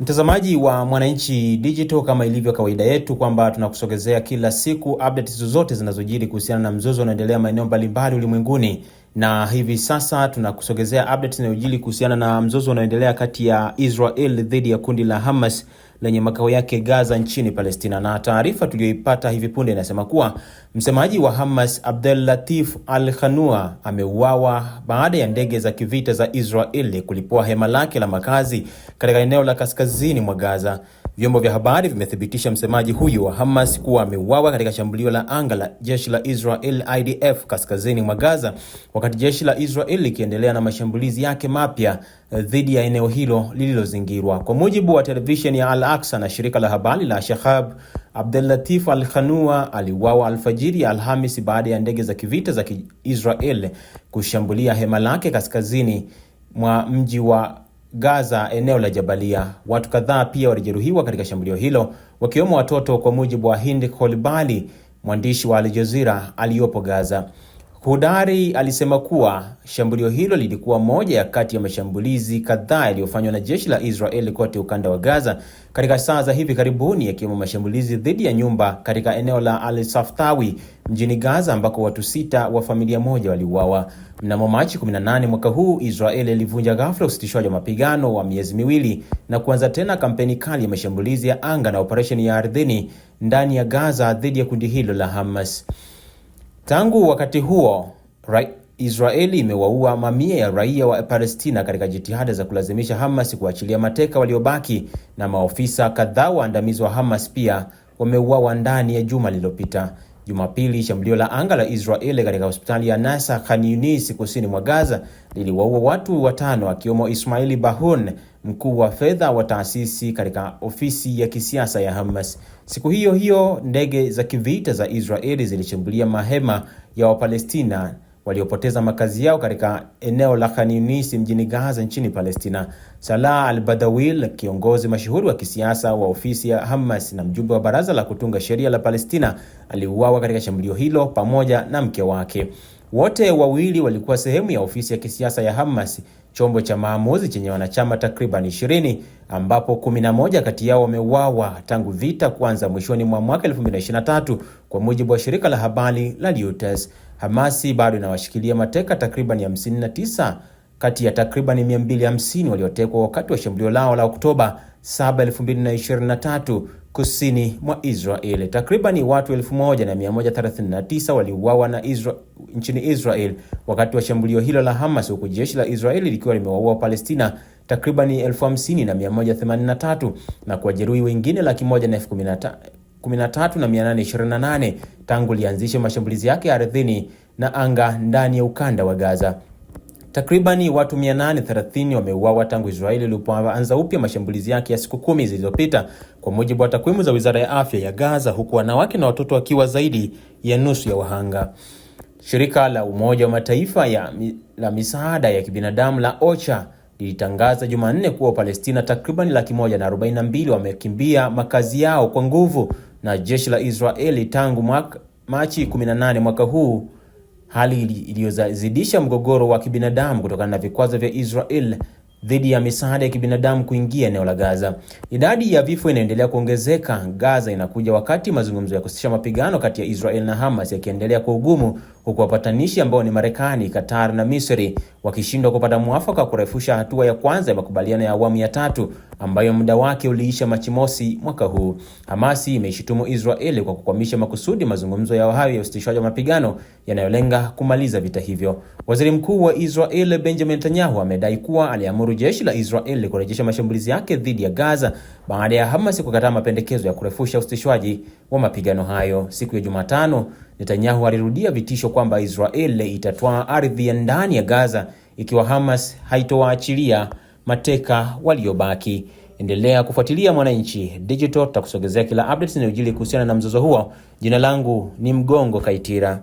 Mtazamaji wa Mwananchi Digital, kama ilivyo kawaida yetu kwamba tunakusogezea kila siku updates zozote zinazojiri kuhusiana na mzozo unaoendelea maeneo mbalimbali ulimwenguni, na hivi sasa tunakusogezea updates inayojiri kuhusiana na mzozo unaoendelea kati ya Israel dhidi ya kundi la Hamas lenye makao yake Gaza nchini Palestina, na taarifa tuliyoipata hivi punde inasema kuwa msemaji wa Hamas Abdel Latif Al-Khanua ameuawa baada ya ndege za kivita za Israeli kulipua hema lake la makazi katika eneo la kaskazini mwa Gaza. Vyombo vya habari vimethibitisha msemaji huyo wa Hamas kuwa ameuawa katika shambulio la anga la jeshi la Israel IDF kaskazini mwa Gaza, wakati jeshi la Israel likiendelea na mashambulizi yake mapya eh, dhidi ya eneo hilo lililozingirwa. Kwa mujibu wa televisheni ya Al Aqsa na shirika la habari la Shahab, Latif Al-Khanua aliuawa alfajiri ya Alhamis baada ya ndege za kivita za Kiisrael kushambulia hema lake kaskazini mwa mji wa Gaza, eneo la Jabalia. Watu kadhaa pia walijeruhiwa katika shambulio hilo, wakiwemo watoto, kwa mujibu wa Hind Kolbali, mwandishi wa Al Jazeera aliyopo Gaza hudari alisema kuwa shambulio hilo lilikuwa moja ya kati ya mashambulizi kadhaa yaliyofanywa na jeshi la Israeli kote ukanda wa Gaza katika saa za hivi karibuni, yakiwemo mashambulizi dhidi ya nyumba katika eneo la Al-Saftawi mjini Gaza, ambako watu sita wa familia moja waliuawa. Mnamo Machi 18 mwaka huu, Israeli ilivunja ghafla usitishwaji wa mapigano wa miezi miwili na kuanza tena kampeni kali ya mashambulizi ya anga na operesheni ya ardhini ndani ya Gaza dhidi ya kundi hilo la Hamas. Tangu wakati huo, Israeli imewaua mamia ya raia wa Palestina katika jitihada za kulazimisha Hamas kuachilia mateka waliobaki, na maofisa kadhaa waandamizi wa Hamas pia wameuawa ndani ya juma lililopita. Jumapili, shambulio la anga la Israeli katika hospitali ya Nasser Khan Yunis kusini mwa Gaza liliwaua watu watano akiwemo Ismaili Bahun mkuu wa fedha wa taasisi katika ofisi ya kisiasa ya Hamas. Siku hiyo hiyo, ndege za kivita za Israeli zilishambulia mahema ya Wapalestina waliopoteza makazi yao katika eneo la Khan mjini Gaza nchini Palestina. Salah al-Badawil, kiongozi mashuhuri wa kisiasa wa ofisi ya Hamas na mjumbe wa baraza la kutunga sheria la Palestina, aliuawa katika shambulio hilo pamoja na mke wake. Wote wawili walikuwa sehemu ya ofisi ya kisiasa ya Hamas, chombo cha maamuzi chenye wanachama takriban 20, ambapo 11 kati yao wameuawa tangu vita kuanza mwishoni mwa mwaka 2023, kwa mujibu wa shirika la habari la Reuters. Hamasi bado inawashikilia mateka takriban 59 kati ya takriban 250 waliotekwa wakati wa shambulio lao la Oktoba 7, 2023 kusini mwa Israeli. Takriban watu 1139 waliuawa na Israel nchini Israel wakati wa shambulio hilo la Hamas, huku jeshi la Israeli likiwa limewaua Palestina takriban elfu na mia na kuwajeruhi wengine laki moja na elfu kumi na tangu lianzishe mashambulizi yake ardhini na anga ndani ya ukanda wa Gaza. Takribani watu 830 wameuawa tangu Israeli ilipoanza upya mashambulizi yake ya siku kumi zilizopita, kwa mujibu wa takwimu za Wizara ya Afya ya Gaza, huku wanawake na watoto wakiwa zaidi ya nusu ya wahanga. Shirika la Umoja wa Mataifa ya, la misaada ya kibinadamu la OCHA lilitangaza Jumanne kuwa Wapalestina takriban laki moja na arobaini na mbili wamekimbia makazi yao kwa nguvu na jeshi la Israeli tangu mwaka, Machi 18 mwaka huu, hali iliyozidisha mgogoro wa kibinadamu kutokana na vikwazo vya Israel dhidi ya misaada ya kibinadamu kuingia eneo la Gaza. Idadi ya vifo inaendelea kuongezeka Gaza inakuja wakati mazungumzo ya kusitisha mapigano kati ya Israel na Hamas yakiendelea kwa ugumu, huku wapatanishi ambao ni Marekani, Qatar na Misri wakishindwa kupata mwafaka kurefusha hatua ya kwanza ya makubaliano ya awamu ya tatu ambayo muda wake uliisha Machi mosi mwaka huu. Hamasi imeishutumu Israeli kwa kukwamisha makusudi mazungumzo ya hayo ya usitishaji wa mapigano yanayolenga kumaliza vita hivyo. Waziri Mkuu wa Israel Benjamin Netanyahu amedai kuwa aliamuru limeamuru jeshi la Israeli kurejesha mashambulizi yake dhidi ya Gaza baada ya Hamas kukataa mapendekezo ya kurefusha usitishwaji wa mapigano hayo. Siku ya Jumatano, Netanyahu alirudia vitisho kwamba Israeli itatwaa ardhi ya ndani ya Gaza ikiwa Hamas haitowaachilia mateka waliobaki. Endelea kufuatilia Mwananchi Digital, tutakusogezea kila updates inayojili kuhusiana na mzozo huo. Jina langu ni Mgongo Kaitira.